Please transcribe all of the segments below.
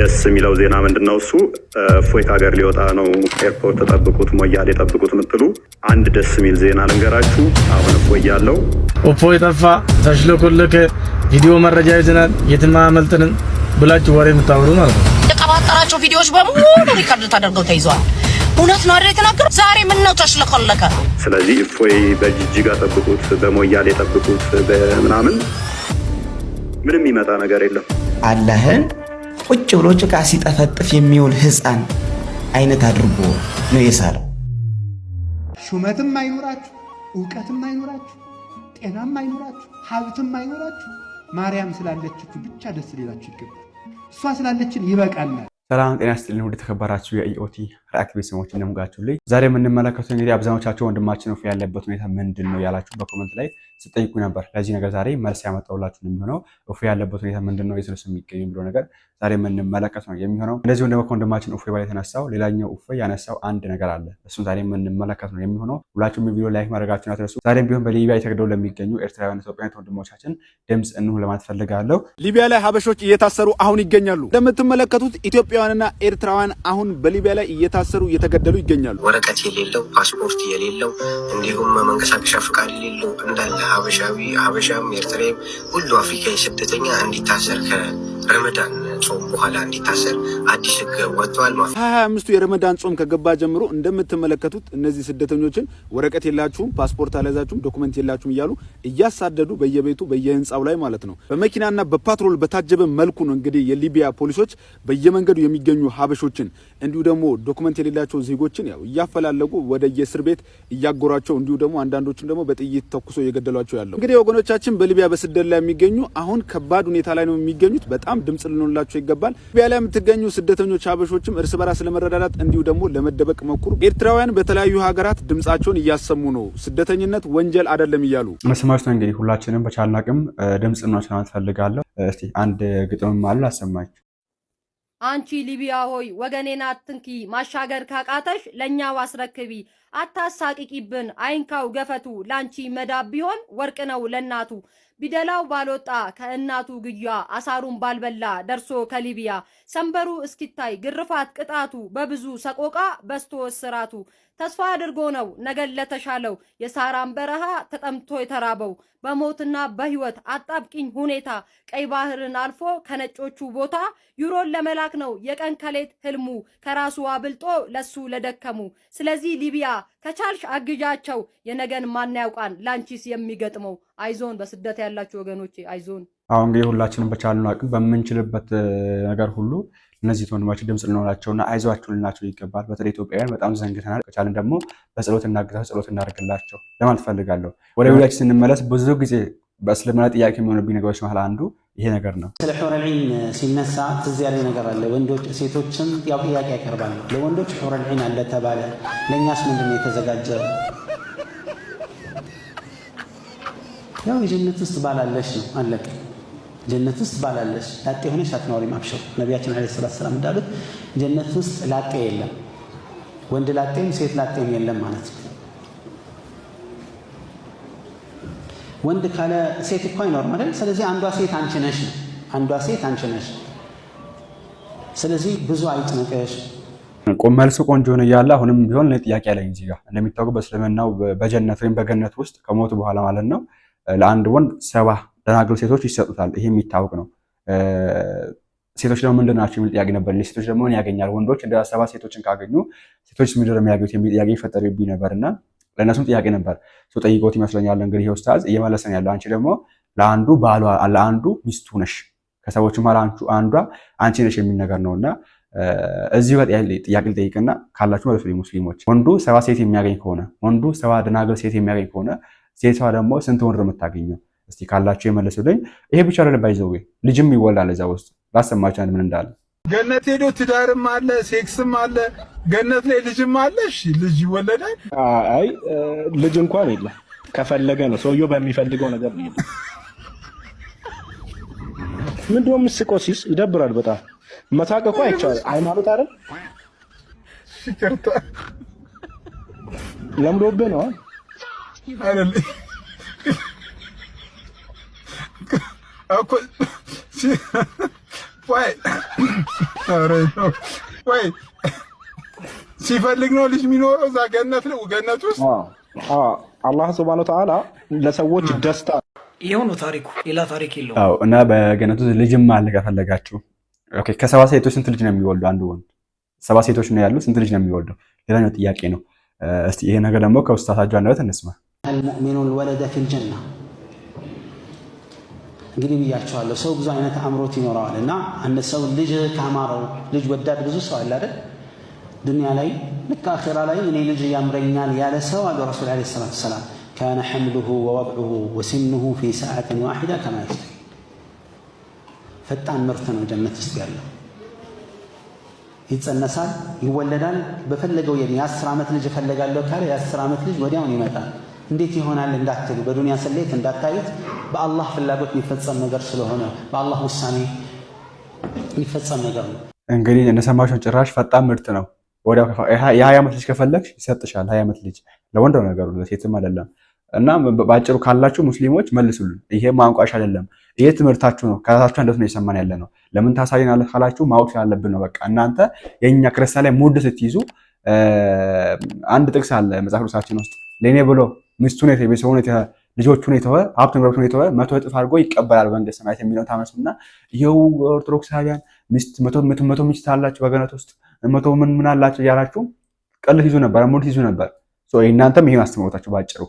ደስ የሚለው ዜና ምንድን ነው? እሱ እፎይ ከሀገር ሊወጣ ነው፣ ኤርፖርት ጠብቁት፣ ሞያሌ ጠብቁት ምትሉ አንድ ደስ የሚል ዜና ልንገራችሁ። አሁን እፎይ ያለው እፎይ ጠፋ ተሽለኮለከ ቪዲዮ መረጃ ይዘናል፣ የትም አያመልጥንም ብላችሁ ወሬ የምታወሩ ማለት ነው። የቀባጠራቸው ቪዲዮዎች በሙሉ ሪከርድ ተደርገው ተይዘዋል። እውነት ነው አይደል የተናገረው? ዛሬ ምን ነው ተሽለኮለከ። ስለዚህ እፎይ በጅጅጋ ጠብቁት፣ በሞያሌ ጠብቁት፣ በምናምን ምንም ይመጣ ነገር የለም አለህን ቁጭ ብሎ ጭቃ ሲጠፈጥፍ የሚውል ህፃን አይነት አድርጎ ነው የሳለው። ሹመትም አይኖራችሁ፣ እውቀትም አይኖራችሁ፣ ጤናም አይኖራችሁ፣ ሀብትም አይኖራችሁ፣ ማርያም ስላለችችሁ ብቻ ደስ ሌላችሁ ይገባል። እሷ ስላለችን ይበቃናል። ሰላም ጤና ስጥልን። ወደ ተከበራችሁ የኢኦቲ ሪአክት ቤተሰቦች እንደምጋችሁልኝ ዛሬ የምንመለከተው እንግዲህ አብዛኞቻቸው ወንድማችን ወፍ ያለበት ሁኔታ ምንድን ነው ያላችሁ በኮመንት ላይ ስጠይቁ ነበር። ለዚህ ነገር ዛሬ መልስ ያመጣውላችሁ የሚሆነው ወፍ ያለበት ሁኔታ ምንድን ነው የስልስ የሚገኙ ብሎ ነገር ዛሬ የምንመለከት ነው የሚሆነው። እንደዚሁም ወንድ ከወንድማችን እፎይ በላይ የተነሳው ሌላኛው እፎይ ያነሳው አንድ ነገር አለ። እሱም ዛሬ የምንመለከት ነው የሚሆነው። ሁላችሁም ቪዲዮ ላይክ ማድረጋችሁን አትረሱ። ዛሬም ቢሆን በሊቢያ የተገደሉ ለሚገኙ ኤርትራውያን ኢትዮጵያውያን ወንድሞቻችን ድምፅ እንሁን ለማለት ፈልጋለሁ። ሊቢያ ላይ ሀበሾች እየታሰሩ አሁን ይገኛሉ። እንደምትመለከቱት ኢትዮጵያውያንና ኤርትራውያን አሁን በሊቢያ ላይ እየታ እየታሰሩ እየተገደሉ ይገኛሉ። ወረቀት የሌለው ፓስፖርት የሌለው እንዲሁም መንቀሳቀሻ ፍቃድ የሌለው እንዳለ ሀበሻዊ ሀበሻም ኤርትሬም ሁሉ አፍሪካዊ ስደተኛ እንዲታሰር ረመዳን ጾም በኋላ እንዲታሰር አዲስ ሕግ ወጥተዋል። ሀያ አምስቱ የረመዳን ጾም ከገባ ጀምሮ እንደምትመለከቱት እነዚህ ስደተኞችን ወረቀት የላችሁም፣ ፓስፖርት አልያዛችሁም፣ ዶኩመንት የላችሁም እያሉ እያሳደዱ በየቤቱ በየህንፃው ላይ ማለት ነው በመኪናና በፓትሮል በታጀበ መልኩ ነው እንግዲህ የሊቢያ ፖሊሶች በየመንገዱ የሚገኙ ሀበሾችን እንዲሁ ደግሞ ዶኩመንት የሌላቸው ዜጎችን ያው እያፈላለጉ ወደ የእስር ቤት እያጎራቸው እንዲሁ ደግሞ አንዳንዶችን ደግሞ በጥይት ተኩሶ እየገደሏቸው ያለው እንግዲህ ወገኖቻችን በሊቢያ በስደት ላይ የሚገኙ አሁን ከባድ ሁኔታ ላይ ነው የሚገኙት በጣም በጣም ድምጽ ልንሆንላቸው ይገባል። ሊቢያ ላይ የምትገኙ ስደተኞች ሀበሾችም እርስ በራስ ለመረዳዳት እንዲሁ ደግሞ ለመደበቅ ሞክሩ። ኤርትራውያን በተለያዩ ሀገራት ድምጻቸውን እያሰሙ ነው። ስደተኝነት ወንጀል አይደለም እያሉ መስማች ነው። እንግዲህ ሁላችንም በቻላቅም ድምጽ ናችና ትፈልጋለሁ። እስቲ አንድ ግጥምም አለ አሰማች አንቺ ሊቢያ ሆይ ወገኔን አትንኪ፣ ማሻገር ካቃተሽ ለእኛው አስረክቢ። አታሳቂቂብን፣ አይንካው ገፈቱ፣ ላንቺ መዳብ ቢሆን ወርቅ ነው ለናቱ። ቢደላው ባልወጣ ከእናቱ ግያ አሳሩን ባልበላ ደርሶ ከሊቢያ ሰንበሩ እስኪታይ ግርፋት ቅጣቱ በብዙ ሰቆቃ በስቶ እስራቱ ተስፋ አድርጎ ነው ነገን ለተሻለው የሳራን በረሃ ተጠምቶ የተራበው በሞትና በህይወት አጣብቂኝ ሁኔታ ቀይ ባህርን አልፎ ከነጮቹ ቦታ ዩሮን ለመላክ ነው የቀን ከሌት ህልሙ ከራሱ አብልጦ ለሱ ለደከሙ። ስለዚህ ሊቢያ ከቻልሽ አግዣቸው የነገን ማን ያውቃን ላንቺስ የሚገጥመው። አይዞን በስደት ያላችሁ ወገኖቼ አይዞን። አሁን እንግዲህ ሁላችንም በቻልን አቅም በምንችልበት ነገር ሁሉ እነዚህ ተወንድማችሁ ድምፅ ልንሆናቸውና አይዟችሁ ልናቸው ይገባል። በተለይ ኢትዮጵያውያን በጣም ዘንግተናል። ከቻልን ደግሞ በጸሎት እናግዛ ጸሎት እናደርግላቸው ለማለት ፈልጋለሁ። ወደ ቢላችን ስንመለስ ብዙ ጊዜ በእስልምና ጥያቄ የሚሆንብኝ ነገሮች መሀል አንዱ ይሄ ነገር ነው። ስለ ሑረ ሲነሳ ትዝ ያለ ነገር አለ። ወንዶች ሴቶችም ያው ጥያቄ ያቀርባሉ። ለወንዶች ሑረ አለ ተባለ፣ ለእኛስ ምንድን የተዘጋጀ? ያው የጀነት ውስጥ ባላለሽ ነው አለቀ። ጀነት ውስጥ ባላለሽ ላጤ ሆነሽ አትኖሪም። አብሽር ነቢያችን ዓለይሂ ሰላቱ ወሰላም እንዳሉት ጀነት ውስጥ ላጤ የለም፣ ወንድ ላጤም ሴት ላጤም የለም ማለት ነው። ወንድ ካለ ሴት እኮ አይኖርም አይደል? ስለዚህ አንዷ ሴት አንቺ ነሽ ነው። አንዷ ሴት አንቺ ነሽ። ስለዚህ ብዙ አይጭነቀሽ። ቆም መልሱ ቆንጆ ነው እያለ አሁንም ቢሆን ጥያቄ ያለኝ እዚህ ጋር እንደሚታወቀው በእስልምናው በጀነት ወይም በገነት ውስጥ ከሞቱ በኋላ ማለት ነው ለአንድ ወንድ ሰባ ለናገሩ ሴቶች ይሰጡታል። ይሄ የሚታወቅ ነው። ሴቶች ደግሞ ምንድን ናቸው የሚል ጥያቄ ነበር። ሴቶች ደግሞ ምን ያገኛል? ወንዶች እንደ ሰባት ሴቶችን ካገኙ ሴቶች ምንድን ነው የሚያገኙት የሚል ጥያቄ ይፈጠርብኝ ነበር እና ለእነሱም ጥያቄ ነበር ሰው ጠይቆት ይመስለኛል። እንግዲህ ይሄ ኡስታዝ እየመለሰ ነው ያለው። አንቺ ደግሞ ለአንዱ ባሏ ለአንዱ ሚስቱ ነሽ፣ ከሰዎቹ መሃል አንዷ አንቺ ነሽ የሚል ነገር ነው እና እዚህ ጥያቄ ልጠይቅና ካላችሁ መለሱ። ሙስሊሞች ወንዱ ሰባት ሴት የሚያገኝ ከሆነ ወንዱ ሰባ ደናግል ሴት የሚያገኝ ከሆነ ሴቷ ደግሞ ስንት ወንድ የምታገኘው? እስቲ ካላቸው የመለሱልኝ። ይሄ ብቻ አይደለም፣ ባይዘዌ ልጅም ይወላል እዛ ውስጥ አንድ ምን እንዳለ ገነት ሄዶ ትዳርም አለ ሴክስም አለ። ገነት ላይ ልጅም አለሽ፣ ልጅ ይወለዳል። አይ ልጅ እንኳን የለም። ከፈለገ ነው ሰውየው በሚፈልገው ነገር ነው። ምንድን ነው የምትስቀው? ሲስ ይደብራል በጣም መሳቅ እኮ አይቻልም። ሃይማኖት አይደል? ይቅርታ ለምዶብህ ነው አይደል? ወይ uh, ሲፈልግ ነው ልጅ የሚኖረው እዛ ገነት ነው ገነት ውስጥ አላህ ስብሃነ ወተዓላ ለሰዎች ደስታ የሆኑ ታሪኩ ሌላ ታሪክ የለውም። እና በገነት ውስጥ ልጅም አለ ከፈለጋችሁ። ከሰባ ሴቶች ስንት ልጅ ነው የሚወልዱ? አንድ ወንድ ሰባ ሴቶች ነው ያሉ፣ ስንት ልጅ ነው የሚወልዱ? ሌላኛው ጥያቄ ነው። እስኪ ይሄ ነገር ደግሞ ከውስታታችሁ አንደበት እንስማ። ወለደ እንግዲህ ብያቸዋለሁ፣ ሰው ብዙ አይነት አእምሮት ይኖረዋል እና አንድ ሰው ልጅ ካማረው ልጅ ወዳድ ብዙ ሰው አለ አይደል? ዱንያ ላይ ልክ አኼራ ላይ እኔ ልጅ ያምረኛል ያለ ሰው አሉ ረሱል ዓለይሂ ሰላቱ ወሰላም ካነ ሐምሉሁ ወወብዑሁ ወሲኑሁ ፊ ሰዓትን ዋሒዳ ከማ ይስ ፈጣን ምርት ነው ጀነት ውስጥ ያለው። ይጸነሳል፣ ይወለዳል። በፈለገው የአስር ዓመት ልጅ እፈለጋለሁ ካለ የአስር ዓመት ልጅ ወዲያውን ይመጣል። እንዴት ይሆናል እንዳትሉ፣ በዱንያ ስሌት እንዳታዩት። በአላህ ፍላጎት የሚፈጸም ነገር ስለሆነ በአላህ ውሳኔ የሚፈጸም ነገር ነው። እንግዲህ እንደሰማሽን ጭራሽ ፈጣን ምርት ነው። ወዲያው የሀያ ዓመት ልጅ ከፈለግሽ ይሰጥሻል። ሀያ ዓመት ልጅ ለወንድ ነገሩ፣ ለሴትም አይደለም። እና በአጭሩ ካላችሁ ሙስሊሞች መልሱልን። ይሄ ማንቋሽ አይደለም፣ ይሄ ትምህርታችሁ ነው። ከራሳችሁ እንደት ነው የሰማን ያለ ነው። ለምን ታሳይናለ ካላችሁ ማወቅ ስላለብን ነው። በቃ እናንተ የእኛ ክርስቲያን ላይ ሙድ ስትይዙ አንድ ጥቅስ አለ መጽሐፍ ቅዱሳችን ውስጥ ለእኔ ብሎ ሚስቱን ቤተሰቡን ልጆቹን የተወ ሀብት ንብረቱን የተወ መቶ እጥፍ አድርጎ ይቀበላል በመንግሥተ ሰማያት የሚለው ታመሱና ይኸው ኦርቶዶክሳውያን መቶ ሚስት አላቸው በገነት ውስጥ መቶ ምን ምን አላቸው እያላችሁ ቀልት ይዙ ነበር፣ ሙድ ይዙ ነበር። እናንተም ይህን አስተምሮታችሁ ባጭሩ።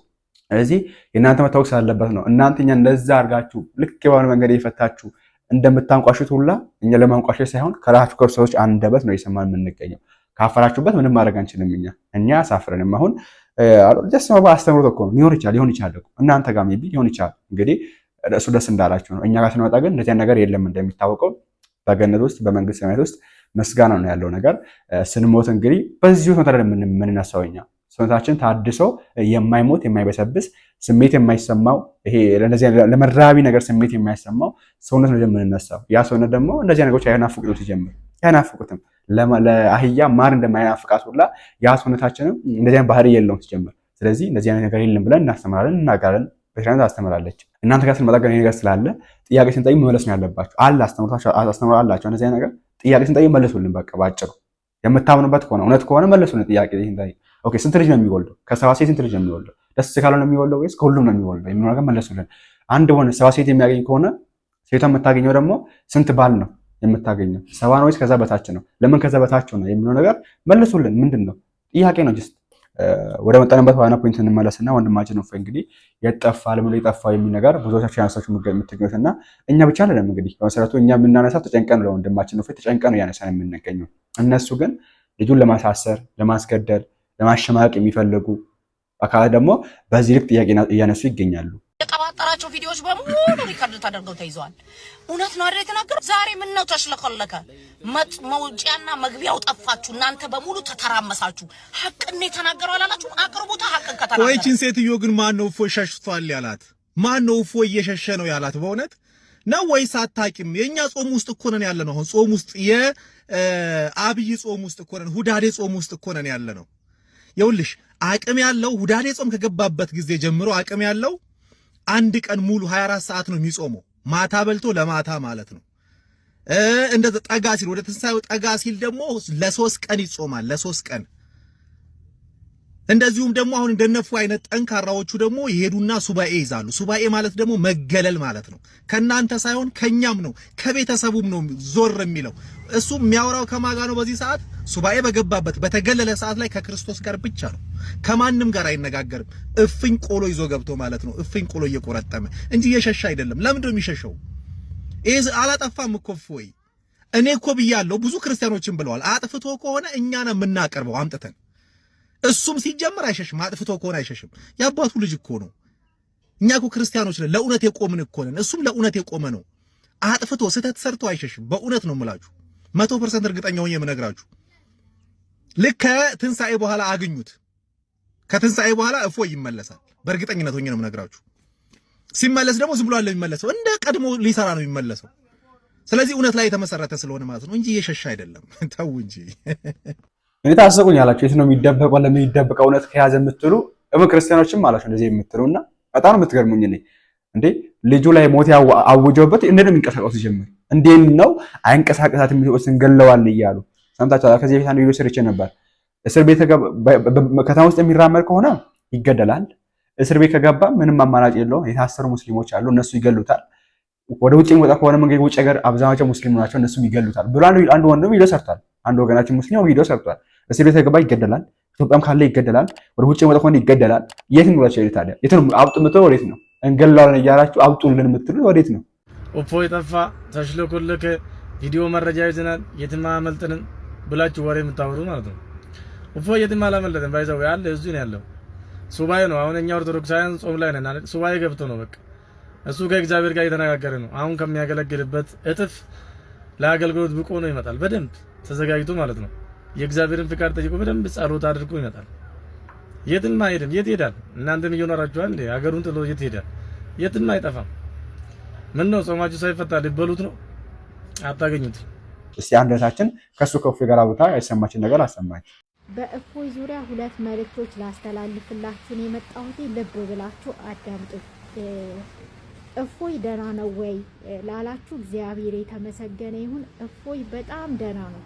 ስለዚህ የእናንተ መታወቅ ስላለበት ነው። እናንተ እኛ እንደዛ አድርጋችሁ ልክ የሆነ መንገድ እየፈታችሁ እንደምታንቋሽት ሁላ እኛ ለማንቋሸት ሳይሆን ከራሳችሁ ከብሰዎች አንደበት ነው የሰማን የምንገኘው። ካፈራችሁበት ምንም ማድረግ አንችልም። እኛ እኛ ሳፍረንም አሁን ጀስት አስተምሮት እኮ ነው ሊሆን ይችላል ሊሆን ይችላል እናንተ ጋር ሜቢ ሊሆን ይችላል። እንግዲህ እሱ ደስ እንዳላችሁ ነው። እኛ ጋር ስንመጣ ግን እንደዚያ ነገር የለም። እንደሚታወቀው በገነት ውስጥ በመንግስት ሰማያት ውስጥ ምስጋና ነው ያለው ነገር። ስንሞት እንግዲህ በዚሁ ሁኔታ የምንነሳው እኛ ሰውነታችን ታድሶ የማይሞት የማይበሰብስ ስሜት የማይሰማው ይሄ ለነዚህ ለመራቢ ነገር ስሜት የማይሰማው ሰውነት ነው የምንነሳው። ያ ሰውነት ደግሞ እንደዚህ ነገሮች አይናፍቁት ሲጀምር አይናፍቁትም። ለአህያ ማር እንደማይናፍቃት ሁላ ያ ሰውነታችንም እንደዚህ ባህሪ የለውም ሲጀምር። ስለዚህ እንደዚህ አይነት ነገር የለም ብለን እናስተምራለን፣ እናጋለን። ቤተክርስቲያን አስተምራለች። እናንተ ጋር ስንመጣ ግን ነገር ስላለ ጥያቄ ስንጠይቅ መመለስ ነው ያለባቸው። አለ አስተምሮ አላቸው። እንደዚህ ነገር ጥያቄ ስንጠይቅ መለሱልን። በቃ ባጭሩ የምታምኑበት ከሆነ እውነት ከሆነ መለሱልን ጥያቄ ስንጠይቅ። ኦኬ ስንት ልጅ ነው የሚወልደው? ከሰባ ሴት ስንት ልጅ ነው የሚወልደው? ደስ ካልሆነ የሚወልደው ወይስ ከሁሉም ነው የሚወልደው? የሚሆነ ነገር መለሱልን። አንድ ሆነ ሰባ ሴት የሚያገኝ ከሆነ ሴቷ የምታገኘው ደግሞ ስንት ባል ነው የምታገኘው። ሰባ ነው ወይስ ከዛ በታች ነው? ለምን ከዛ በታች ነው የሚለው ነገር መልሱልን። ምንድን ነው ጥያቄ ነው። ጅስት ወደ መጠንበት ዋና ፖይንት እንመለስና ወንድማችን ነው እንግዲህ የጠፋ ለምን የጠፋ የሚል ነገር ብዙዎቻችን ያነሳችሁ የምትገኙት እና እኛ ብቻ አይደለም እንግዲህ በመሰረቱ እኛ የምናነሳው ተጨንቀን ለወንድማችን ነው ተጨንቀን እያነሳን የምንገኘው። እነሱ ግን ልጁን ለማሳሰር፣ ለማስገደል፣ ለማሸማቅ የሚፈልጉ አካላት ደግሞ በዚህ ልክ ጥያቄ እያነሱ ይገኛሉ። የጠባጠራቸው ቪዲዮዎች በሙሉ ሪከርድ ተደርገው ተይዘዋል። እውነት ነው አይደል የተናገረው? ዛሬ ምን ነው ተሽለከለከ? መውጫና መግቢያው ጠፋችሁ። እናንተ በሙሉ ተተራመሳችሁ። ሀቅን የተናገረው አላላችሁ? አቅርቡታ ሀቅን ከተናገረ ቆይችን ሴትዮ ግን ማን ነው እፎይ ሸሽቷል ያላት? ማን ነው እፎይ እየሸሸ ነው ያላት? በእውነት ነው ወይስ አታቂም? የእኛ ጾም ውስጥ እኮ ነን ያለ ነው። አሁን ጾም ውስጥ የአብይ ጾም ውስጥ እኮ ነን፣ ሁዳዴ ጾም ውስጥ እኮ ነን ያለ ነው። ይኸውልሽ አቅም ያለው ሁዳዴ ጾም ከገባበት ጊዜ ጀምሮ አቅም ያለው አንድ ቀን ሙሉ 24 ሰዓት ነው የሚጾመው ማታ በልቶ ለማታ ማለት ነው። እንደ ጠጋ ሲል ወደ ትንሣኤው ጠጋ ሲል ደግሞ ለሶስት ቀን ይጾማል። ለሶስት ቀን እንደዚሁም ደግሞ አሁን እንደነፉ አይነት ጠንካራዎቹ ደግሞ ይሄዱና ሱባኤ ይዛሉ። ሱባኤ ማለት ደግሞ መገለል ማለት ነው። ከእናንተ ሳይሆን ከኛም ነው ከቤተሰቡም ነው ዞር የሚለው እሱ የሚያወራው ከማጋ ነው። በዚህ ሰዓት ሱባኤ በገባበት በተገለለ ሰዓት ላይ ከክርስቶስ ጋር ብቻ ነው፣ ከማንም ጋር አይነጋገርም። እፍኝ ቆሎ ይዞ ገብቶ ማለት ነው። እፍኝ ቆሎ እየቆረጠመ እንጂ እየሸሸ አይደለም። ለምንድን ነው የሚሸሸው? ይህ አላጠፋም እኮ እፎይ። እኔ እኮ ብያለሁ፣ ብዙ ክርስቲያኖችን ብለዋል። አጥፍቶ ከሆነ እኛን የምናቀርበው አምጥተን እሱም ሲጀምር አይሸሽም። አጥፍቶ ከሆነ አይሸሽም። የአባቱ ልጅ እኮ ነው። እኛ እኮ ክርስቲያኖች ነን፣ ለእውነት የቆምን እኮ ነን። እሱም ለእውነት የቆመ ነው። አጥፍቶ ስህተት ሰርቶ አይሸሽም። በእውነት ነው የምላችሁ፣ መቶ ፐርሰንት እርግጠኛ ሆኜ የምነግራችሁ። ልክ ከትንሣኤ በኋላ አግኙት። ከትንሣኤ በኋላ እፎ ይመለሳል። በእርግጠኝነት ሆኜ ነው የምነግራችሁ። ሲመለስ ደግሞ ዝም ብሎ አለ የሚመለሰው፣ እንደ ቀድሞ ሊሰራ ነው የሚመለሰው። ስለዚህ እውነት ላይ የተመሰረተ ስለሆነ ማለት ነው እንጂ እየሸሸ አይደለም። ተው እንጂ እኔ ታሰቁኝ አላቸው። የት ነው የሚደበቀው? ለምን ይደበቀው? እውነት ከያዘ የምትሉ እብ ክርስቲያኖችም አላቸው እንደዚህ የምትሉና በጣም ነው የምትገርሙኝ። እኔ እንዴ ልጁ ላይ ሞት አውጀውበት እንዴት ነው የሚንቀሳቀሱ ሲጀምር እንዴት ነው አይንቀሳቀሳት የሚሰጡት እንገለዋል እያሉ ሰምታችኋል። ከዚህ በፊት አንድ ቪዲዮ ሰርቼ ነበር። እስር ቤት ከተማ ውስጥ የሚራመድ ከሆነ ይገደላል። እስር ቤት ከገባ ምንም አማራጭ የለውም። የታሰሩ ሙስሊሞች አሉ፣ እነሱ ይገሉታል። ወደ ውጭ የሚወጣ ከሆነ መንገድ ውጭ ሀገር አብዛኛቸው ሙስሊም ናቸው፣ እነሱም ይገሉታል ብሎ አንድ ወንድም ቪዲዮ ሰርቷል። አንድ ወገናችን ሙስሊም ቪዲዮ ሰርቷል። እስር ቤት የገባ ይገደላል፣ ኢትዮጵያም ካለ ይገደላል፣ ወደ ውጭ የሚወጣ ከሆነ ይገደላል። የትን ብሏቸው ሄዱ። ታዲያ የትን አብጡ የምትለው ወዴት ነው? እንገላለን እያላችሁ አብጡልን የምትሉት ወዴት ነው? ኦፖ የጠፋ ተሽለኮለከ ቪዲዮ መረጃ ይዘናል፣ የትም አያመልጥንም ብላችሁ ወሬ የምታወሩ ማለት ነው። ኦፖ የትም አላመለጥን ባይዘው ያለ እዚሁ ነው ያለው። ሱባኤ ነው አሁን እኛ ኦርቶዶክሳውያን ጾም ላይ ነን። ሱባኤ ገብቶ ነው በቃ እሱ ከእግዚአብሔር ጋር እየተነጋገረ ነው። አሁን ከሚያገለግልበት እጥፍ ለአገልግሎት ብቆ ነው ይመጣል። በደንብ ተዘጋጅቶ ማለት ነው። የእግዚአብሔርን ፍቃድ ጠይቆ በደንብ ጸሎት አድርጎ ይመጣል። የትም አይሄድም። የት ይሄዳል? እናንተም እየኖራችኋል እንዴ? ሀገሩን ጥሎ የት ይሄዳል? የትም አይጠፋም። ምን ነው ጾማችሁ ሳይፈታ ልትበሉት ነው? አታገኙት። እስቲ አንደታችን እህታችን ከእሱ ከእፎይ ቦታ ያሰማችን ነገር አሰማኝ። በእፎይ ዙሪያ ሁለት መልእክቶች ላስተላልፍላችሁ ነው የመጣሁት። ልብ ብላችሁ አዳምጡ። እፎይ ደህና ነው ወይ ላላችሁ እግዚአብሔር የተመሰገነ ይሁን። እፎይ በጣም ደህና ነው።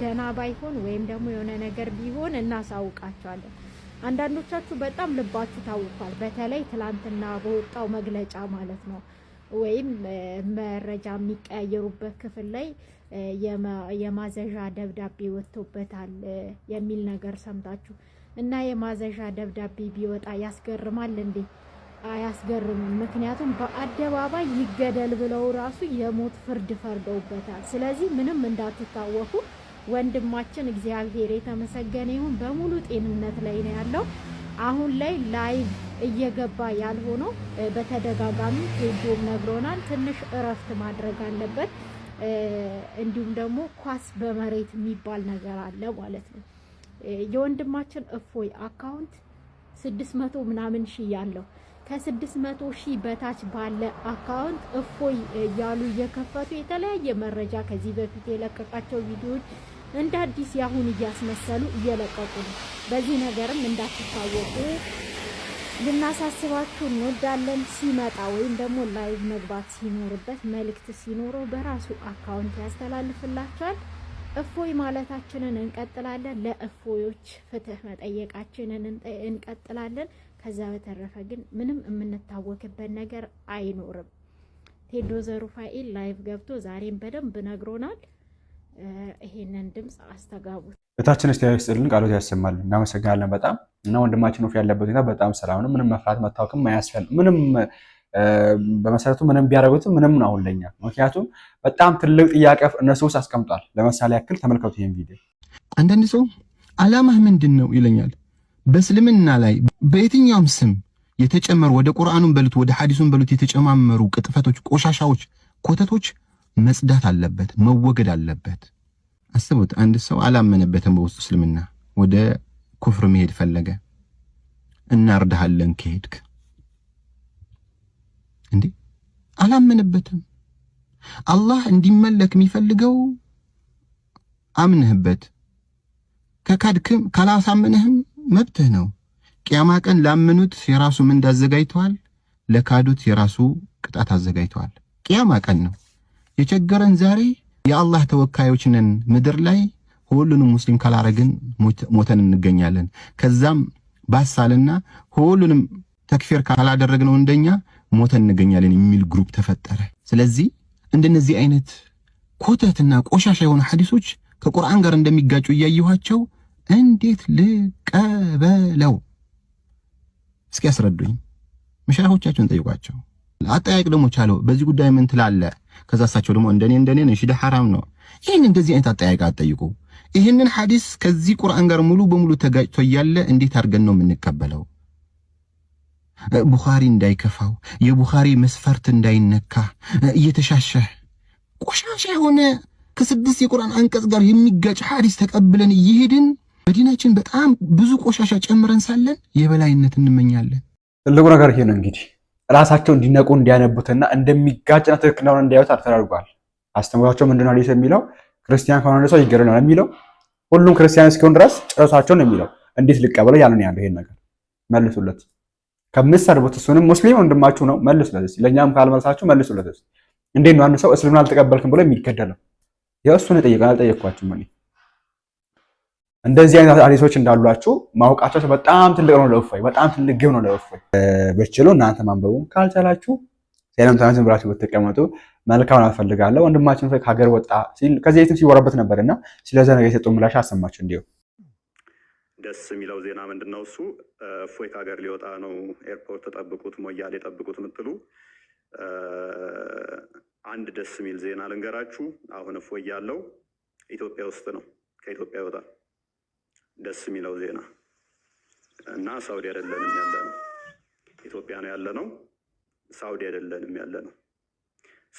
ደህና ባይሆን ወይም ደግሞ የሆነ ነገር ቢሆን እናሳውቃቸዋለን። አንዳንዶቻችሁ በጣም ልባችሁ ታውቋል። በተለይ ትላንትና በወጣው መግለጫ ማለት ነው ወይም መረጃ የሚቀያየሩበት ክፍል ላይ የማዘዣ ደብዳቤ ወጥቶበታል የሚል ነገር ሰምታችሁ እና የማዘዣ ደብዳቤ ቢወጣ ያስገርማል እንዴ? አያስገርምም። ምክንያቱም በአደባባይ ይገደል ብለው ራሱ የሞት ፍርድ ፈርደውበታል። ስለዚህ ምንም እንዳትታወኩ ወንድማችን እግዚአብሔር የተመሰገነ ይሁን በሙሉ ጤንነት ላይ ነው ያለው። አሁን ላይ ላይቭ እየገባ ያልሆነው በተደጋጋሚ ቴዶም ነግሮናል። ትንሽ እረፍት ማድረግ አለበት። እንዲሁም ደግሞ ኳስ በመሬት የሚባል ነገር አለ ማለት ነው። የወንድማችን እፎይ አካውንት ስድስት መቶ ምናምን ሺ ያለው ከስድስት መቶ ሺህ በታች ባለ አካውንት እፎይ እያሉ እየከፈቱ የተለያየ መረጃ ከዚህ በፊት የለቀቃቸው ቪዲዮዎች እንደ አዲስ ያሁን እያስመሰሉ እየለቀቁ ነው። በዚህ ነገርም እንዳትታወቁ ልናሳስባችሁ እንወዳለን። ሲመጣ ወይም ደግሞ ላይቭ መግባት ሲኖርበት መልእክት ሲኖረው በራሱ አካውንት ያስተላልፍላችኋል። እፎይ ማለታችንን እንቀጥላለን። ለእፎዮች ፍትህ መጠየቃችንን እንቀጥላለን። ከዛ በተረፈ ግን ምንም የምንታወክበት ነገር አይኖርም። ቴዶ ዘሩፋኤል ላይቭ ገብቶ ዛሬም በደንብ ነግሮናል። ይሄንን ድምፅ አስተጋቡት። እታችን ስቲያ ስጥልን ቃሎት ያሰማል። እናመሰግናለን በጣም እና ወንድማችን ኦፍ ያለበት ሁኔታ በጣም ሰላም ነው። ምንም መፍራት መታወቅም አያስፈልግም። ምንም በመሰረቱ ምንም ቢያደርጉትም ምንም ነው አሁን ለኛ። ምክንያቱም በጣም ትልቅ ጥያቄ እነሱ ውስጥ አስቀምጧል። ለምሳሌ ያክል ተመልከቱ ይህን ቪዲዮ። አንዳንድ ሰው አላማህ ምንድን ነው ይለኛል በእስልምና ላይ በየትኛውም ስም የተጨመሩ ወደ ቁርአኑን በሉት ወደ ሐዲሱን በሉት የተጨማመሩ ቅጥፈቶች፣ ቆሻሻዎች፣ ኮተቶች መጽዳት አለበት፣ መወገድ አለበት። አስቡት፣ አንድ ሰው አላመነበትም በውስጡ እስልምና ወደ ኩፍር መሄድ ፈለገ። እናርዳሃለን ከሄድክ እንዴ አላመነበትም። አላህ እንዲመለክ የሚፈልገው አምንህበት ከካድክም ካላሳመንህም መብትህ ነው። ቅያማ ቀን ላመኑት የራሱ ምንድ አዘጋጅተዋል፣ ለካዱት የራሱ ቅጣት አዘጋጅተዋል። ቅያማ ቀን ነው የቸገረን ዛሬ። የአላህ ተወካዮች ነን ምድር ላይ ሁሉንም ሙስሊም ካላረግን ሞተን እንገኛለን። ከዛም ባሳልና ሁሉንም ተክፊር ካላደረግነው እንደኛ ሞተን እንገኛለን የሚል ግሩፕ ተፈጠረ። ስለዚህ እንደነዚህ አይነት ኮተትና ቆሻሻ የሆኑ ሐዲሶች ከቁርአን ጋር እንደሚጋጩ እያየኋቸው እንዴት ልቀበለው? እስኪ ያስረዱኝ። መሻይኾቻቸውን ጠይቋቸው። አጠያቅ ደግሞ ቻለው በዚህ ጉዳይ ምን ትላለ? ከዛ እሳቸው ደግሞ እንደኔ እንደኔ ነው ሽደ ሐራም ነው። ይህን እንደዚህ አይነት አጠያቅ አትጠይቁ። ይህንን ሐዲስ ከዚህ ቁርአን ጋር ሙሉ በሙሉ ተጋጭቶ እያለ እንዴት አድርገን ነው የምንቀበለው? ቡኻሪ እንዳይከፋው የቡኻሪ መስፈርት እንዳይነካ እየተሻሸ ቆሻሻ የሆነ ከስድስት የቁርአን አንቀጽ ጋር የሚጋጭ ሐዲስ ተቀብለን እየሄድን በዲናችን በጣም ብዙ ቆሻሻ ጨምረን ሳለን የበላይነት እንመኛለን። ትልቁ ነገር ይሄ ነው እንግዲህ ራሳቸው እንዲነቁ እንዲያነቡትና እንደሚጋጭና ትክክል እንደሆነ እንዲያዩት አልተደርጓል። አስተምሯቸው ምንድነው አዲስ የሚለው ክርስቲያን ከሆነ ሰው ይገደላል የሚለው ሁሉም ክርስቲያን እስኪሆን ድረስ ነው የሚለው እንዴት ልቀበለው ያለን ያለው ይሄን ነገር መልሱለት። ከምትሰድቡት እሱንም ሙስሊም ወንድማችሁ ነው መልሱለት። ለእኛም ካልመለሳችሁ መልሱለት። እንዴት ነው አንድ ሰው እስልምና አልተቀበልክም ብሎ የሚገደለው? የእሱን ጠየቀ አልጠየቅኳችሁም እኔ እንደዚህ አይነት አትሌቶች እንዳሏችሁ ማወቃቸው በጣም ትልቅ ነው ለእፎይ፣ በጣም ትልቅ ግብ ነው ለእፎይ። ብችሉ እናንተ ማንበቡ ካልቻላችሁ ሌላም ብላችሁ ብትቀመጡ መልካም አፈልጋለሁ። ወንድማችን እፎይ ከሀገር ወጣ ሲል ከዚህ ቤትም ሲወራበት ነበር እና ስለዚ ነገር የሰጡ ምላሽ አሰማችሁ። እንዲሁ ደስ የሚለው ዜና ምንድን ነው? እሱ እፎይ ከሀገር ሊወጣ ነው። ኤርፖርት ጠብቁት፣ ሞያሌ ጠብቁት ምትሉ አንድ ደስ የሚል ዜና ልንገራችሁ። አሁን እፎይ ያለው ኢትዮጵያ ውስጥ ነው። ከኢትዮጵያ ይወጣል። ደስ የሚለው ዜና እና ሳውዲ አይደለንም ያለ ነው። ኢትዮጵያ ነው ያለ ነው። ሳውዲ አይደለንም ያለ ነው።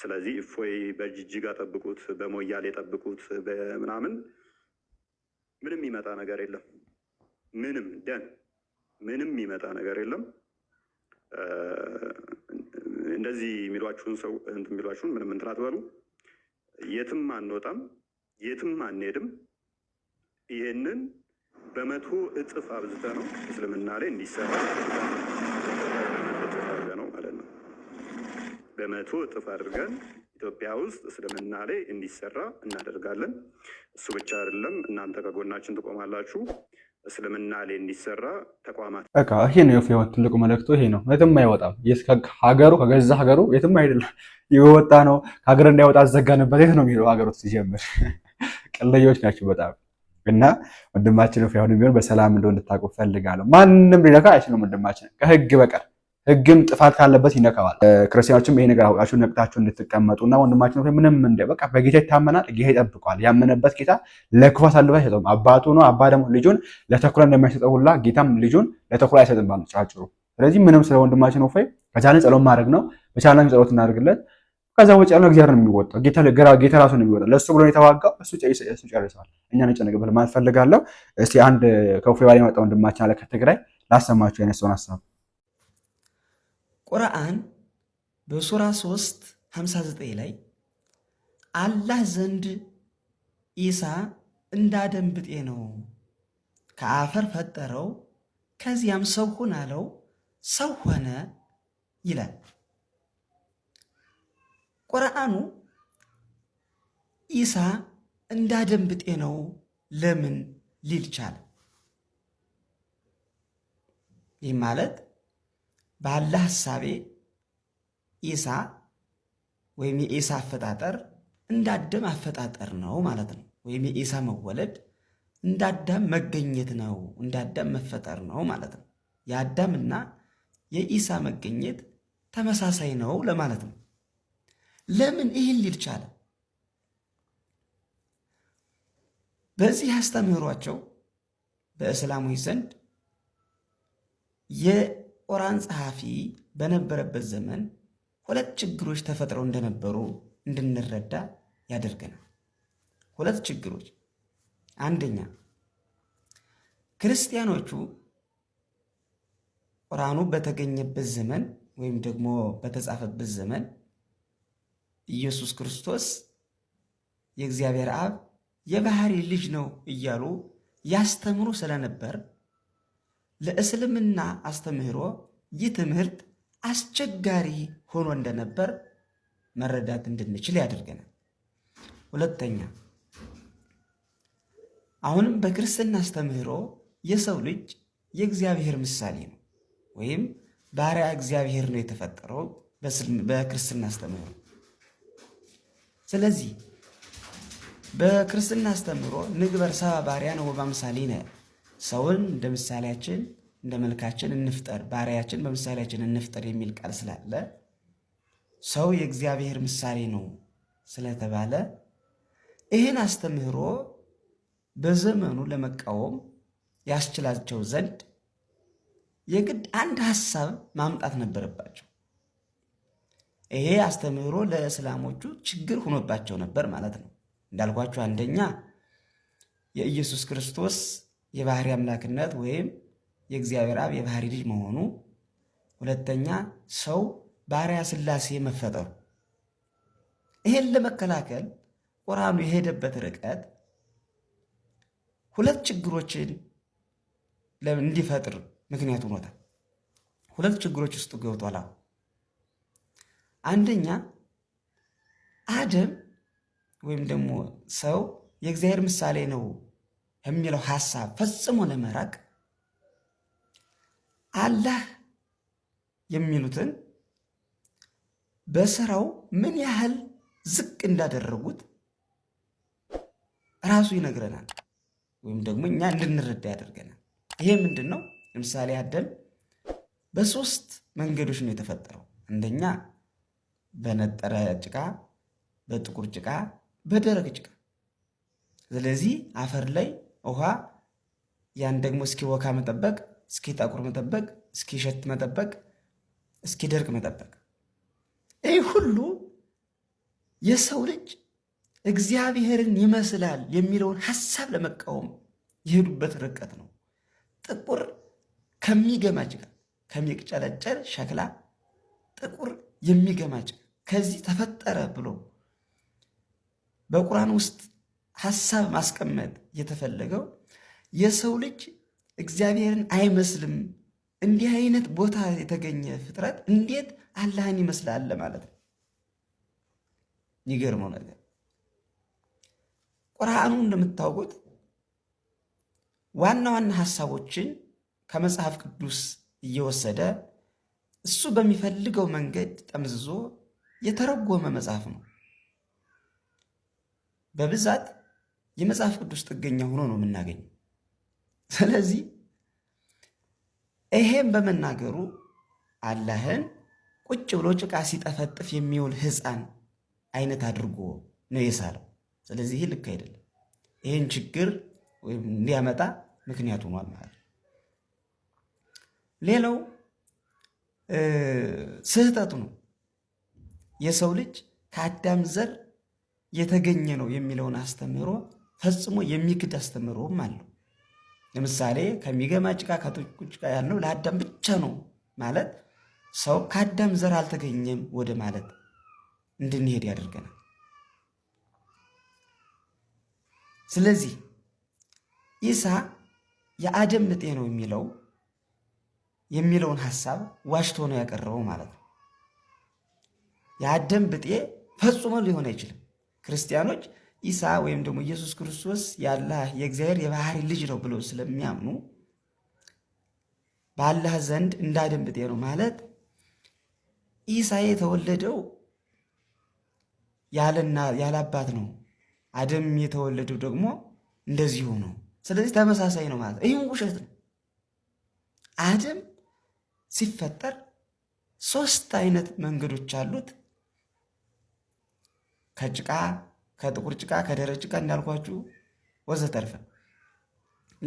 ስለዚህ እፎይ በጅጅጋ ጠብቁት፣ በሞያሌ ጠብቁት፣ በምናምን ምንም የሚመጣ ነገር የለም። ምንም ደን ምንም የሚመጣ ነገር የለም። እንደዚህ የሚሏችሁን ሰው የሚሏችሁን ምንም እንትን አትበሉ። የትም አንወጣም፣ የትም አንሄድም። ይህንን በመቶ እጥፍ አብዝተ ነው እስልምና ላይ እንዲሰራ ነው ማለት ነው። በመቶ እጥፍ አድርገን ኢትዮጵያ ውስጥ እስልምና ላይ እንዲሰራ እናደርጋለን። እሱ ብቻ አይደለም፣ እናንተ ከጎናችን ትቆማላችሁ። እስልምና ላይ እንዲሰራ ተቋማት በቃ ይሄ ነው የወት ትልቁ መልእክቱ ይሄ ነው። የትም አይወጣም። ሀገሩ ከገዛ ሀገሩ የትም አይደለም የወጣ ነው። ከሀገር እንዳይወጣ አዘጋንበት። የት ነው የሚለው ሀገሮት ሲጀምር ቀለዮች ናቸው በጣም እና ወንድማችን ሩፋኤል አሁንም ቢሆን በሰላም እንደው እንድታውቁ ፈልጋለሁ። ማንም ሊነካ አይችልም ወንድማችን ከህግ በቀር ህግም ጥፋት ካለበት ይነካዋል። ክርስቲያኖችም ይሄ ነገር አውቃችሁ ነቅታችሁ እንድትቀመጡ እና ወንድማችን ሩፋኤል ምንም እንደ በቃ በጌታ ይታመናል፣ ጌታ ይጠብቋል። ያመነበት ጌታ ለክፉ አሳልፎ አይሰጠውም። አባቱ ነው። አባ ደግሞ ልጁን ለተኩላ እንደማይሰጠው ሁላ ጌታም ልጁን ለተኩላ አይሰጥም ባሉ ጫጭሩ። ስለዚህ ምንም ስለ ወንድማችን ሩፋኤል በቻለን ጸሎት ማድረግ ነው። በቻለን ጸሎት እናደርግለት ከዛ ውጭ ያለው እግዚአብሔር ነው የሚወጣው። ጌታ ራሱ ነው የሚወጣው። ለሱ ብሎ የተዋጋው እሱ ጨርሰዋል። እኛ ነገር ብለ ፈልጋለሁ። እስቲ አንድ ከውፌ ባላ የመጣ ወንድማችን አለ ከትግራይ ላሰማችሁ የነሰውን ሀሳብ ቁርአን በሱራ 3 59 ላይ አላህ ዘንድ ኢሳ እንዳደንብጤ ነው ከአፈር ፈጠረው ከዚያም ሰው ሁን አለው ሰው ሆነ ይላል። ቁርአኑ ኢሳ እንዳደንብጤ ነው ለምን ሊል ቻለ? ይህ ማለት ባለ ሐሳቤ ኢሳ ወይም የኢሳ አፈጣጠር እንዳደም አፈጣጠር ነው ማለት ነው። ወይም የኢሳ መወለድ እንዳዳም መገኘት ነው፣ እንዳዳም መፈጠር ነው ማለት ነው። የአዳምና የኢሳ መገኘት ተመሳሳይ ነው ለማለት ነው። ለምን ይህን ሊል ቻለ? በዚህ አስተምህሯቸው በእስላሞች ዘንድ የቁርአን ጸሐፊ በነበረበት ዘመን ሁለት ችግሮች ተፈጥረው እንደነበሩ እንድንረዳ ያደርገናል። ሁለት ችግሮች፣ አንደኛ ክርስቲያኖቹ ቁርአኑ በተገኘበት ዘመን ወይም ደግሞ በተጻፈበት ዘመን ኢየሱስ ክርስቶስ የእግዚአብሔር አብ የባህሪ ልጅ ነው እያሉ ያስተምሩ ስለነበር ለእስልምና አስተምህሮ ይህ ትምህርት አስቸጋሪ ሆኖ እንደነበር መረዳት እንድንችል ያደርገናል። ሁለተኛ አሁንም በክርስትና አስተምህሮ የሰው ልጅ የእግዚአብሔር ምሳሌ ነው ወይም ባሪያ እግዚአብሔር ነው የተፈጠረው በክርስትና አስተምህሮ ስለዚህ በክርስትና አስተምሮ ንግበር ሰብአ ባሕርያን ወበአምሳሊነ ሰውን እንደ ምሳሌያችን እንደ መልካችን እንፍጠር፣ ባሪያችን በምሳሌያችን እንፍጠር የሚል ቃል ስላለ ሰው የእግዚአብሔር ምሳሌ ነው ስለተባለ ይህን አስተምህሮ በዘመኑ ለመቃወም ያስችላቸው ዘንድ የግድ አንድ ሀሳብ ማምጣት ነበረባቸው። ይሄ አስተምህሮ ለእስላሞቹ ችግር ሆኖባቸው ነበር ማለት ነው። እንዳልኳችሁ አንደኛ የኢየሱስ ክርስቶስ የባህሪ አምላክነት ወይም የእግዚአብሔር አብ የባህሪ ልጅ መሆኑ፣ ሁለተኛ ሰው ባህሪያ ስላሴ መፈጠሩ። ይሄን ለመከላከል ቁርአኑ የሄደበት ርቀት ሁለት ችግሮችን እንዲፈጥር ምክንያት ሆኖታል። ሁለት ችግሮች ውስጥ ገብቷል። አንደኛ አደም ወይም ደግሞ ሰው የእግዚአብሔር ምሳሌ ነው የሚለው ሐሳብ ፈጽሞ ለመራቅ አላህ የሚሉትን በስራው ምን ያህል ዝቅ እንዳደረጉት ራሱ ይነግረናል፣ ወይም ደግሞ እኛ እንድንረዳ ያደርገናል። ይሄ ምንድን ነው? ለምሳሌ አደም በሶስት መንገዶች ነው የተፈጠረው። አንደኛ በነጠረ ጭቃ፣ በጥቁር ጭቃ፣ በደረቅ ጭቃ። ስለዚህ አፈር ላይ ውሃ ያን ደግሞ እስኪወካ መጠበቅ፣ እስኪጠቁር መጠበቅ፣ እስኪሸት መጠበቅ፣ እስኪደርቅ መጠበቅ። ይህ ሁሉ የሰው ልጅ እግዚአብሔርን ይመስላል የሚለውን ሀሳብ ለመቃወም የሄዱበት ርቀት ነው። ጥቁር ከሚገማ ጭቃ ከሚቅጨለጨል ሸክላ ጥቁር የሚገማ ጭቃ ከዚህ ተፈጠረ ብሎ በቁርአን ውስጥ ሐሳብ ማስቀመጥ የተፈለገው የሰው ልጅ እግዚአብሔርን አይመስልም። እንዲህ አይነት ቦታ የተገኘ ፍጥረት እንዴት አላህን ይመስላል ማለት ነው። የሚገርመው ነገር ቁርአኑ እንደምታውቁት ዋና ዋና ሐሳቦችን ከመጽሐፍ ቅዱስ እየወሰደ እሱ በሚፈልገው መንገድ ጠምዝዞ የተረጎመ መጽሐፍ ነው። በብዛት የመጽሐፍ ቅዱስ ጥገኛ ሆኖ ነው የምናገኘው። ስለዚህ ይሄም በመናገሩ አላህን ቁጭ ብሎ ጭቃ ሲጠፈጥፍ የሚውል ሕፃን አይነት አድርጎ ነው የሳለው። ስለዚህ ይህ ልክ አይደለም። ይህን ችግር ወይም እንዲያመጣ ምክንያት ሆኗል ማለት ነው። ሌላው ስህተቱ ነው። የሰው ልጅ ከአዳም ዘር የተገኘ ነው የሚለውን አስተምህሮ ፈጽሞ የሚክድ አስተምህሮም አለው። ለምሳሌ ከሚገማ ጭቃ ከጥቁ ጭቃ ያልነው ለአዳም ብቻ ነው ማለት ሰው ከአዳም ዘር አልተገኘም ወደ ማለት እንድንሄድ ያደርገናል። ስለዚህ ኢሳ የአደም ምጤ ነው የሚለው የሚለውን ሀሳብ ዋሽቶ ነው ያቀረበው ማለት ነው። የአደም ብጤ ፈጽሞ ሊሆን አይችልም። ክርስቲያኖች ኢሳ ወይም ደግሞ ኢየሱስ ክርስቶስ የአላህ የእግዚአብሔር የባህሪ ልጅ ነው ብለው ስለሚያምኑ በአላህ ዘንድ እንዳደም ብጤ ነው ማለት ኢሳ የተወለደው ያለና ያለ አባት ነው። አደም የተወለደው ደግሞ እንደዚሁ ነው። ስለዚህ ተመሳሳይ ነው ማለት ነው። ይህም ውሸት ነው። አደም ሲፈጠር ሶስት አይነት መንገዶች አሉት። ከጭቃ ከጥቁር ጭቃ ከደረ ጭቃ እንዳልኳችሁ ወዘተርፈ።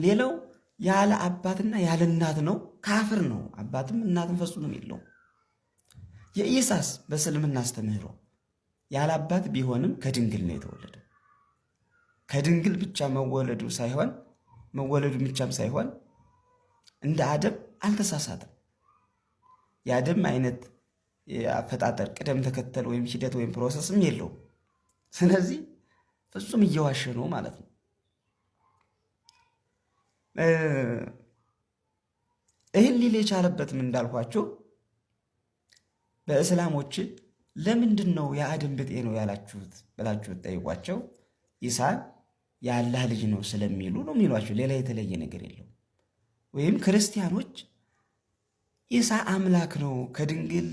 ሌላው ያለ አባትና ያለ እናት ነው፣ ካፍር ነው። አባትም እናትም ፈጹምም የለው። የኢሳስ በእስልምና አስተምህሮ ያለ አባት ቢሆንም ከድንግል ነው የተወለደ። ከድንግል ብቻ መወለዱ ሳይሆን መወለዱ ብቻም ሳይሆን እንደ አደም አልተሳሳተም። የአደም አይነት አፈጣጠር ቅደም ተከተል ወይም ሂደት ወይም ፕሮሰስም የለውም። ስለዚህ ፍጹም እየዋሸ ነው ማለት ነው። ይህን ሊል የቻለበትም እንዳልኳችሁ በእስላሞች ለምንድን ነው የአደም ብጤ ነው ያላችሁት ብላችሁ ጠይቋቸው። ይሳ የአላህ ልጅ ነው ስለሚሉ ነው የሚሏቸው። ሌላ የተለየ ነገር የለው። ወይም ክርስቲያኖች ኢሳ አምላክ ነው ከድንግል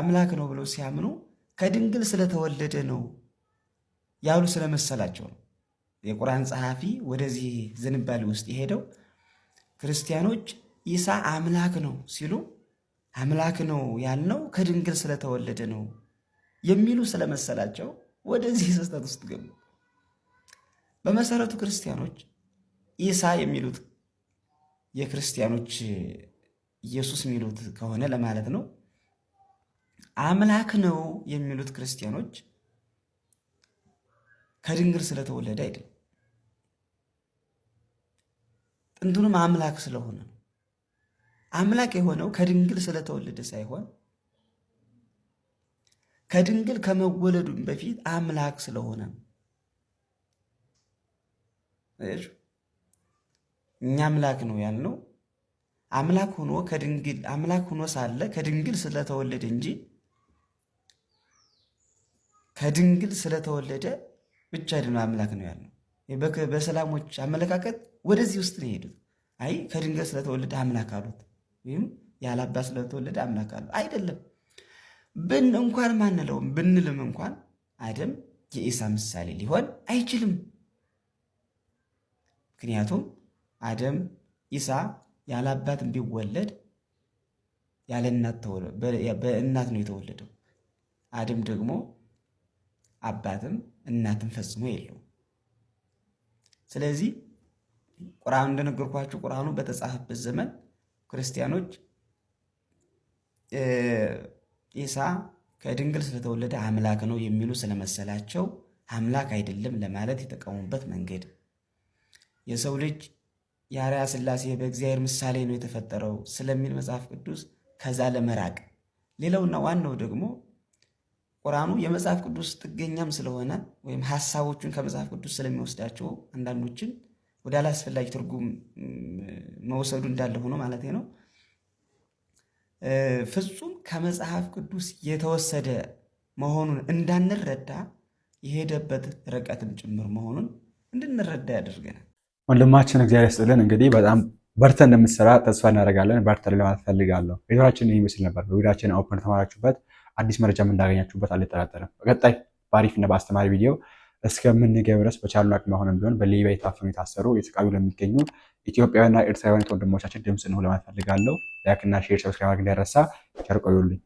አምላክ ነው ብለው ሲያምኑ ከድንግል ስለተወለደ ነው ያሉ ስለመሰላቸው ነው። የቁርአን ጸሐፊ ወደዚህ ዝንባሌ ውስጥ የሄደው ክርስቲያኖች ኢሳ አምላክ ነው ሲሉ አምላክ ነው ያልነው ከድንግል ስለተወለደ ነው የሚሉ ስለመሰላቸው ወደዚህ ስህተት ውስጥ ገቡ። በመሰረቱ ክርስቲያኖች ኢሳ የሚሉት የክርስቲያኖች ኢየሱስ የሚሉት ከሆነ ለማለት ነው አምላክ ነው የሚሉት ክርስቲያኖች ከድንግል ስለተወለደ አይደለም፣ ጥንቱንም አምላክ ስለሆነ ነው። አምላክ የሆነው ከድንግል ስለተወለደ ሳይሆን ከድንግል ከመወለዱም በፊት አምላክ ስለሆነ ነው። እኛ አምላክ ነው ያልነው አምላክ ሆኖ ከድንግል አምላክ ሆኖ ሳለ ከድንግል ስለተወለደ እንጂ ከድንግል ስለተወለደ ብቻ አይደለም አምላክ ነው ያለው። በሰላሞች አመለካከት ወደዚህ ውስጥ ነው የሄዱት። አይ ከድንግል ስለተወለደ አምላክ አሉት፣ ወይም ያላባ ስለተወለደ አምላክ አሉት። አይደለም ብን እንኳን ማንለውም ብንልም እንኳን አደም የኢሳ ምሳሌ ሊሆን አይችልም። ምክንያቱም አደም ኢሳ ያለ አባት ቢወለድ ያለ እናት በእናት ነው የተወለደው። አድም ደግሞ አባትም እናትም ፈጽሞ የለውም። ስለዚህ ቁርአኑ እንደነገርኳቸው ቁርአኑ በተጻፈበት ዘመን ክርስቲያኖች ኢሳ ከድንግል ስለተወለደ አምላክ ነው የሚሉ ስለመሰላቸው አምላክ አይደለም ለማለት የተቃወሙበት መንገድ የሰው ልጅ የአርያ ስላሴ በእግዚአብሔር ምሳሌ ነው የተፈጠረው ስለሚል መጽሐፍ ቅዱስ ከዛ ለመራቅ ሌላውና ዋናው ደግሞ ቁርአኑ የመጽሐፍ ቅዱስ ጥገኛም ስለሆነ ወይም ሀሳቦቹን ከመጽሐፍ ቅዱስ ስለሚወስዳቸው አንዳንዶችን ወደ አላስፈላጊ ትርጉም መውሰዱ እንዳለ ሆኖ ማለት ነው። ፍጹም ከመጽሐፍ ቅዱስ የተወሰደ መሆኑን እንዳንረዳ የሄደበት ርቀትም ጭምር መሆኑን እንድንረዳ ያደርገናል። ወንድማችን እግዚአብሔር ይስጥልን። እንግዲህ በጣም በርተ እንደምትሰራ ተስፋ እናደርጋለን። በርተ ለማለት ፈልጋለሁ። ቤታችን ይህ ምስል ነበር። በቪዲዮችን ኦፕን ተማራችሁበት፣ አዲስ መረጃ እንዳገኛችሁበት አልጠራጠርም። በቀጣይ በአሪፍ እና በአስተማሪ ቪዲዮ እስከምንገብ ድረስ በቻሉ አቅም አሁንም ቢሆን በሊቢያ የታፈኑ የታሰሩ፣ የተሰቃዩ ለሚገኙ ኢትዮጵያውያንና ኤርትራውያን ወንድሞቻችን ድምፅ እንሆን ለማለት ፈልጋለሁ። ላይክና ሼር፣ ሰብስክራይብ እንዳይረሳ። ቸር ቆዩልኝ።